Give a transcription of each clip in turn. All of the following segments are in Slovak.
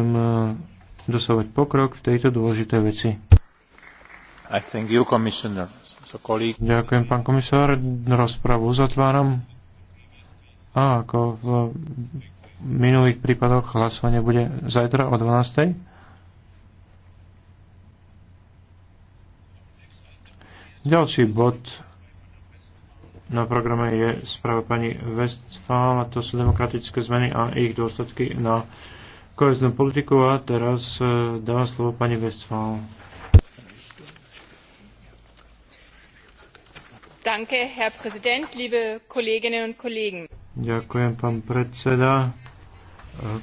chcem e, dosovať pokrok v tejto dôležitej veci. I thank you, Commissioner. So colleague... Ďakujem, pán komisár. Rozpravu zatváram. A ako v minulých prípadoch hlasovanie bude zajtra o 12. Ďalší bod na programe je správa pani Westfál a to sú demokratické zmeny a ich dôsledky na koheznú politiku a teraz e, dávam slovo pani Westfál. Danke, Herr Präsident, liebe Kolleginnen und Kollegen. Ďakujem, pán predseda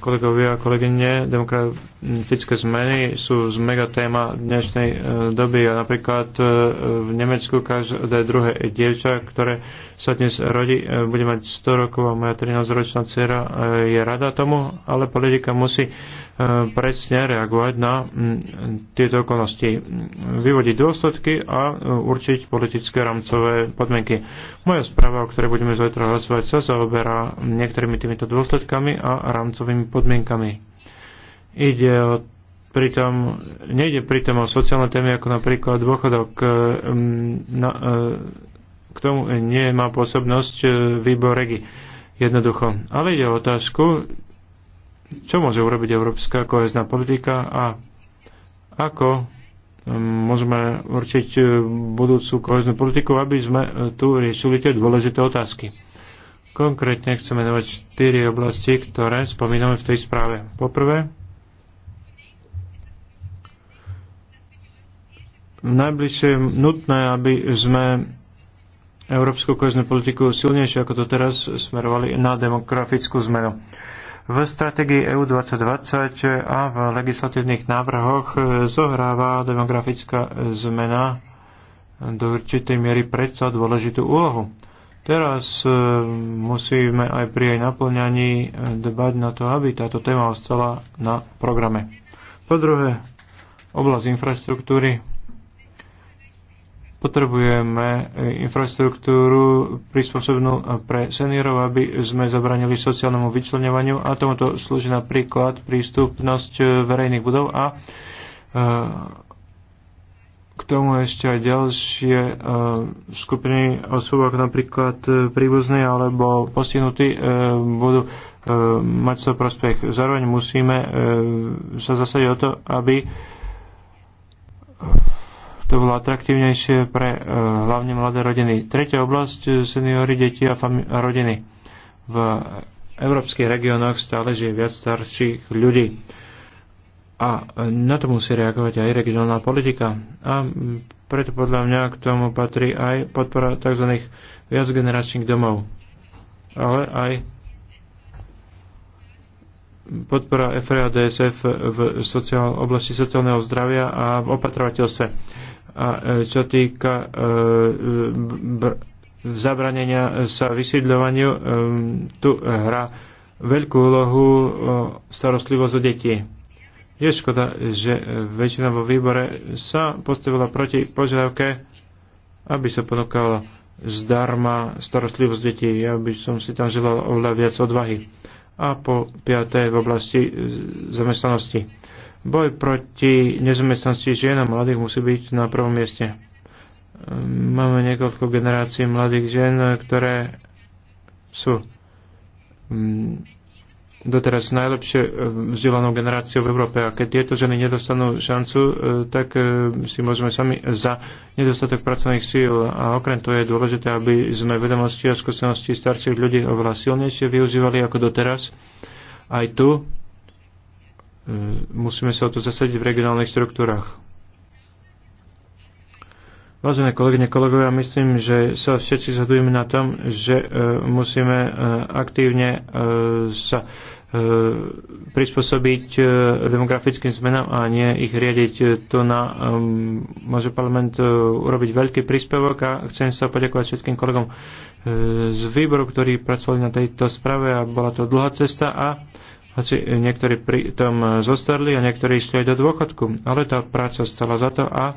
kolegovia a kolegyne, demokratické zmeny sú z megatéma dnešnej e, doby. A napríklad e, v Nemecku každé druhé dievča, ktoré sa dnes rodí, e, bude mať 100 rokov a moja 13-ročná dcera je rada tomu, ale politika musí presne reagovať na tieto okolnosti, vyvodiť dôsledky a určiť politické rámcové podmienky. Moja správa, o ktorej budeme zajtra hlasovať, sa zaoberá niektorými týmito dôsledkami a rámcovými koncovými podmienkami. Ide o pritom, nejde pritom o sociálne témy ako napríklad dôchodok. Ehm, Na, no, e, k tomu nemá pôsobnosť e, výbor regi. Jednoducho. Ale ide o otázku, čo môže urobiť európska kohezná politika a ako ehm, môžeme určiť e, budúcu koheznú politiku, aby sme tu riešili tie dôležité otázky. Konkrétne chcem menovať 4 oblasti, ktoré spomíname v tej správe. Poprvé, najbližšie je nutné, aby sme európsku koheznú politiku silnejšie ako to teraz smerovali na demografickú zmenu. V stratégii EU 2020 a v legislatívnych návrhoch zohráva demografická zmena do určitej miery predsa dôležitú úlohu Teraz e, musíme aj pri jej naplňaní e, dbať na to, aby táto téma ostala na programe. Po druhé, oblasť infraštruktúry. Potrebujeme e, infraštruktúru prispôsobnú pre seniorov, aby sme zabranili sociálnemu vyčlenovaniu a tomuto slúži napríklad prístupnosť verejných budov a k tomu ešte aj ďalšie uh, skupiny osôb, ako napríklad uh, e, príbuzní alebo postihnutí, uh, e, budú uh, mať sa prospech. Zároveň musíme uh, sa zasadiť o to, aby to bolo atraktívnejšie pre uh, hlavne mladé rodiny. Tretia oblasť, seniory, deti a, a rodiny. V európskych regiónoch stále žije viac starších ľudí a na to musí reagovať aj regionálna politika. A preto podľa mňa k tomu patrí aj podpora tzv. viacgeneračných domov, ale aj podpora FRA DSF v sociál, oblasti sociálneho zdravia a v opatrovateľstve. A e, čo týka e, zabranenia sa e, tu hrá veľkú úlohu e, starostlivosť o deti je škoda, že e, väčšina vo výbore sa postavila proti požiadavke, aby sa ponúkala zdarma starostlivosť detí. Ja by som si tam želal oveľa viac odvahy. A po piaté v oblasti e, zamestnanosti. Boj proti nezamestnanosti žien a mladých musí byť na prvom mieste. E, máme niekoľko generácií mladých žien, ktoré sú mm, doteraz najlepšie e, vzdelanou generáciou v Európe. A keď tieto ženy nedostanú šancu, e, tak e, si môžeme sami za nedostatok pracovných síl. A okrem toho je dôležité, aby sme vedomosti a skúsenosti starších ľudí oveľa silnejšie využívali ako doteraz. Aj tu musíme sa o to zasadiť v regionálnych štruktúrach. Vážené kolegyne, kolegovia, myslím, že sa všetci zhodujeme na tom, že e, musíme e, aktívne e, sa prispôsobiť demografickým zmenám a nie ich riadiť. To na, môže parlament urobiť veľký príspevok a chcem sa poďakovať všetkým kolegom z výboru, ktorí pracovali na tejto správe a bola to dlhá cesta a hoci niektorí pri tom zostarli a niektorí išli aj do dôchodku. Ale tá práca stala za to a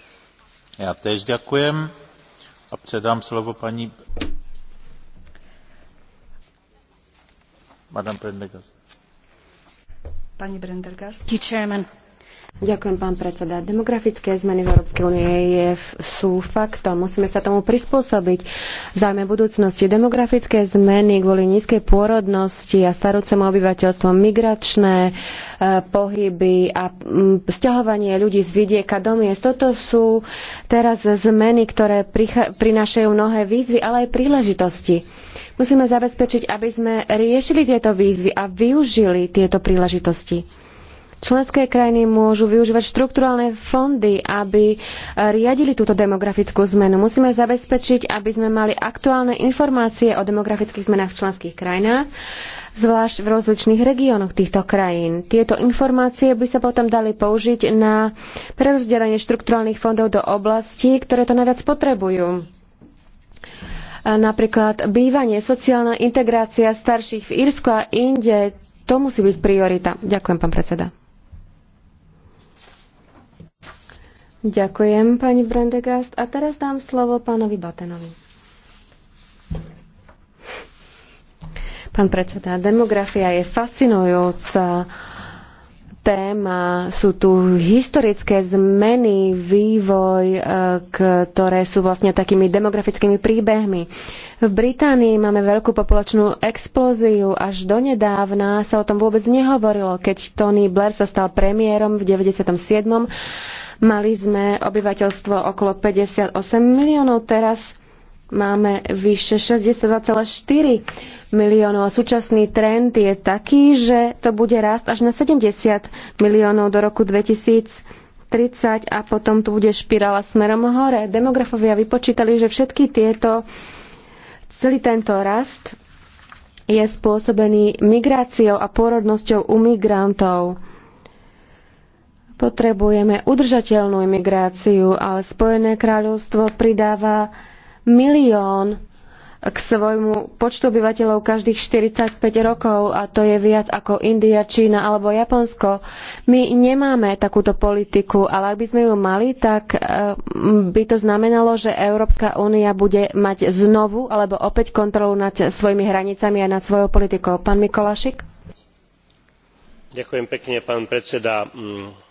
Ja tež ďakujem a predám slovo pani... Madame Prendergast. Pani Prendergast. Ďakujem, pán predseda. Demografické zmeny v Európskej únie sú faktom. Musíme sa tomu prispôsobiť. Zájme budúcnosti. Demografické zmeny kvôli nízkej pôrodnosti a starúcemu obyvateľstvu, migračné e, pohyby a m, stiahovanie ľudí z vidieka do miest. Toto sú teraz zmeny, ktoré prinášajú mnohé výzvy, ale aj príležitosti. Musíme zabezpečiť, aby sme riešili tieto výzvy a využili tieto príležitosti. Členské krajiny môžu využívať štrukturálne fondy, aby eh, riadili túto demografickú zmenu. Musíme zabezpečiť, aby sme mali aktuálne informácie o demografických zmenách v členských krajinách, zvlášť v rozličných regiónoch týchto krajín. Tieto informácie by sa potom dali použiť na prerozdelenie štrukturálnych fondov do oblastí, ktoré to najviac potrebujú eh, napríklad bývanie, sociálna integrácia starších v Írsku a inde, to musí byť priorita. Ďakujem, pán predseda. Ďakujem, pani Brandegast. A teraz dám slovo pánovi Batenovi. Pán predseda, demografia je fascinujúca téma. Sú tu historické zmeny, vývoj, eh, ktoré sú vlastne takými demografickými príbehmi. V Británii máme veľkú populačnú explóziu. Až donedávna sa o tom vôbec nehovorilo, keď Tony Blair sa stal premiérom v 97. Mali sme obyvateľstvo okolo 58 miliónov, teraz máme vyše 62,4 miliónov a súčasný trend je taký, že to bude rásť až na 70 miliónov do roku 2030 a potom tu bude špirála smerom hore. Demografovia vypočítali, že všetky tieto, celý tento rast je spôsobený migráciou a pôrodnosťou u migrantov. Potrebujeme udržateľnú imigráciu, ale Spojené kráľovstvo pridáva milión k svojmu počtu obyvateľov každých 45 rokov a to je viac ako India, Čína alebo Japonsko. My nemáme takúto politiku, ale ak by sme ju mali, tak eh, by to znamenalo, že Európska únia bude mať znovu alebo opäť kontrolu nad svojimi hranicami a nad svojou politikou. Pán Mikolašik? Ďakujem pekne, pán predseda mm,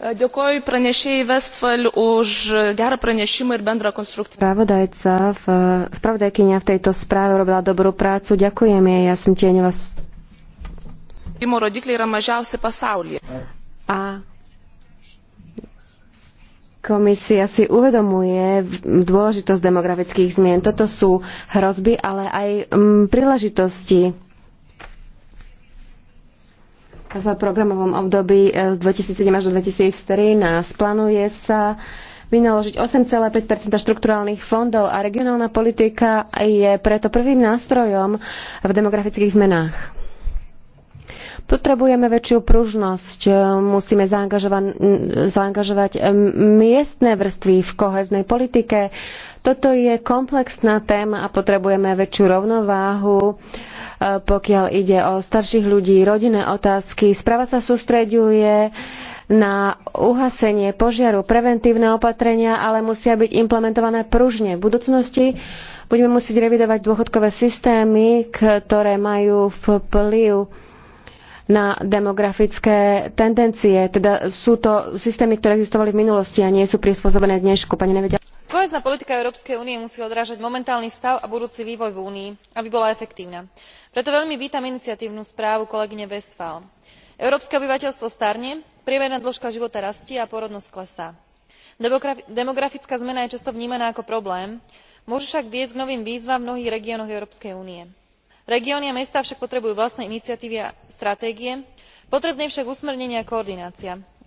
Dėkoju pranešėjai už e, gerą pranešimą ir bendrą konstrukciją. v, tejto správe robila dobrú prácu. Ďakujem jej, ja som tieň vás. Imo rodikliai yra mažiausi pasaulyje. A komisia si uvedomuje dôležitosť demografických zmien. Toto sú hrozby, ale aj mm, príležitosti v programovom období eh, z 2007 až do 2013. Plánuje sa vynaložiť 8,5 štrukturálnych fondov a regionálna politika je preto prvým nástrojom v demografických zmenách. Potrebujeme väčšiu pružnosť, musíme zaangažovať eh, miestne vrstvy v koheznej politike. Toto je komplexná téma a potrebujeme väčšiu rovnováhu pokiaľ ide o starších ľudí, rodinné otázky. Správa sa sústreďuje na uhasenie požiaru, preventívne opatrenia, ale musia byť implementované pružne. V budúcnosti budeme musieť revidovať dôchodkové systémy, ktoré majú vplyv na demografické tendencie. Teda sú to systémy, ktoré existovali v minulosti a nie sú prispôsobené dnešku. Pani Nevedia kohézna politika európskej únie musí odrážať momentálny stav a budúci vývoj v únii aby bola efektívna. preto veľmi vítam iniciatívnu správu kolegyne westphal. európske obyvateľstvo starne priemerná dĺžka života rastie a pôrodnosť klesá. demografická zmena je často vnímaná ako problém môže však viesť k novým výzvam v mnohých regiónoch európskej únie. regióny a mestá však potrebujú vlastné iniciatívy a stratégie potrebné je však usmernenie a koordinácia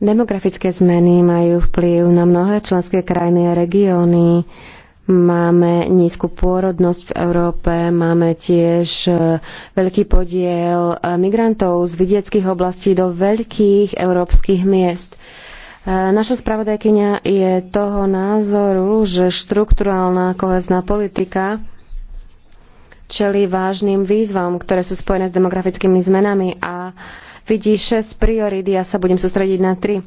Demografické zmeny majú vplyv na mnohé členské krajiny a regióny. Máme nízku pôrodnosť v Európe, máme tiež e, veľký podiel e, migrantov z vidieckých oblastí do veľkých európskych miest. E, naša spravodajkynia je toho názoru, že štrukturálna kohezná politika čeli vážnym výzvam, ktoré sú spojené s demografickými zmenami a vidí 6 priorít, ja sa budem sústrediť na 3.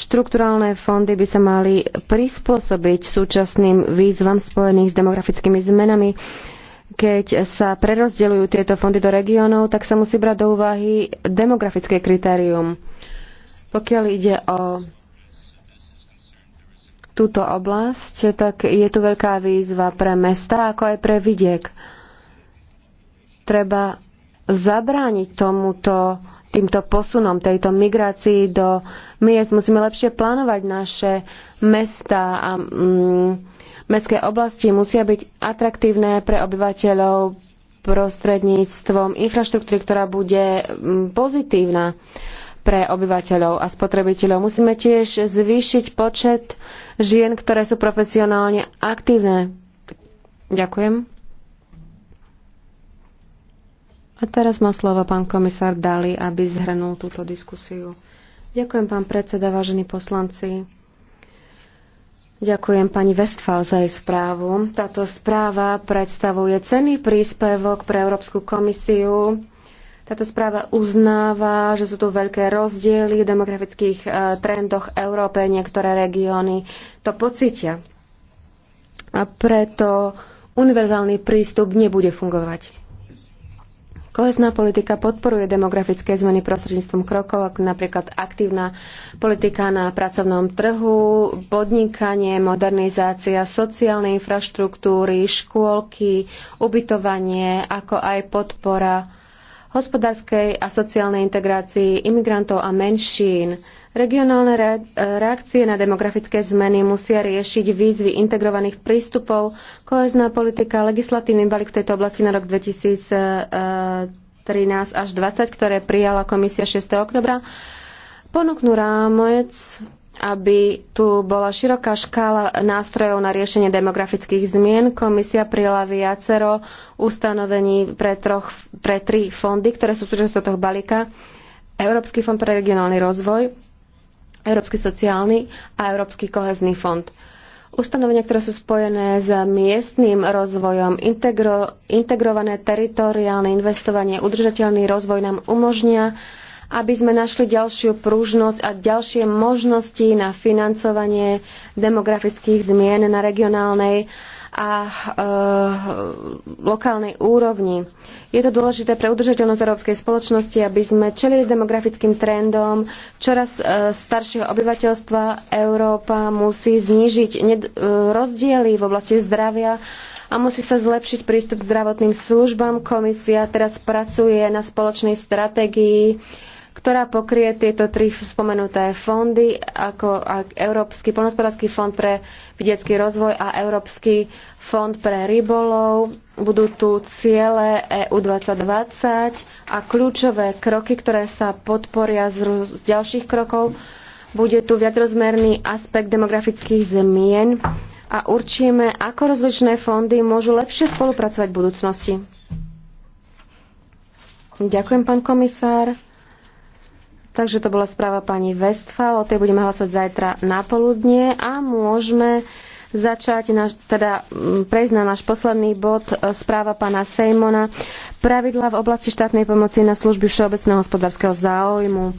Štrukturálne fondy by sa mali prispôsobiť súčasným výzvam spojených s demografickými zmenami. Keď sa prerozdeľujú tieto fondy do regiónov, tak sa musí brať do úvahy demografické kritérium. Pokiaľ ide o túto oblasť, tak je tu veľká výzva pre mesta, ako aj pre vidiek. Treba zabrániť tomuto, týmto posunom, tejto migrácii do miest. Musíme lepšie plánovať naše mesta a mm, mestské oblasti musia byť atraktívne pre obyvateľov prostredníctvom infraštruktúry, ktorá bude mm, pozitívna pre obyvateľov a spotrebiteľov. Musíme tiež zvýšiť počet žien, ktoré sú profesionálne aktívne. Ďakujem. A teraz má slovo pán komisár Dali, aby zhrnul túto diskusiu. Ďakujem, pán predseda, vážení poslanci. Ďakujem pani Westphal za jej správu. Táto správa predstavuje cenný príspevok pre Európsku komisiu. Táto správa uznáva, že sú tu veľké rozdiely v demografických e, trendoch Európe. Niektoré regióny to pocitia. A preto univerzálny prístup nebude fungovať. Kohezná politika podporuje demografické zmeny prostredníctvom krokov, ako napríklad aktívna politika na pracovnom trhu, podnikanie, modernizácia sociálnej infraštruktúry, škôlky, ubytovanie, ako aj podpora hospodárskej a sociálnej integrácii imigrantov a menšín. Regionálne reakcie na demografické zmeny musia riešiť výzvy integrovaných prístupov. Kohezná politika, legislatívny balík v tejto oblasti na rok 2013 e, až 2020, ktoré prijala komisia 6. oktobra, ponúknú rámec aby tu bola široká škála nástrojov na riešenie demografických zmien. Komisia prijala viacero ustanovení pre, troch, pre tri fondy, ktoré sú súčasťou toho balíka. Európsky fond pre regionálny rozvoj, Európsky sociálny a Európsky kohezný fond. Ustanovenia, ktoré sú spojené s miestnym rozvojom, integro, integrované teritoriálne investovanie, udržateľný rozvoj nám umožnia aby sme našli ďalšiu pružnosť a ďalšie možnosti na financovanie demografických zmien na regionálnej a e, lokálnej úrovni. Je to dôležité pre udržateľnosť európskej spoločnosti, aby sme čelili demografickým trendom. Čoraz e, staršieho obyvateľstva Európa musí znížiť ned, e, rozdiely v oblasti zdravia a musí sa zlepšiť prístup k zdravotným službám. Komisia teraz pracuje na spoločnej stratégii ktorá pokrie tieto tri spomenuté fondy, ako Európsky poľnohospodársky fond pre vidiecký rozvoj a Európsky fond pre rybolov. Budú tu ciele EU 2020 a kľúčové kroky, ktoré sa podporia z, z ďalších krokov. Bude tu viacrozmerný aspekt demografických zmien a určíme, ako rozličné fondy môžu lepšie spolupracovať v budúcnosti. Ďakujem, pán komisár. Takže to bola správa pani Westphal, o tej budeme hlasovať zajtra na poludnie a môžeme začať, naš, teda prejsť na náš posledný bod, e, správa pána Sejmona, pravidla v oblasti štátnej pomoci na služby všeobecného hospodárskeho záujmu.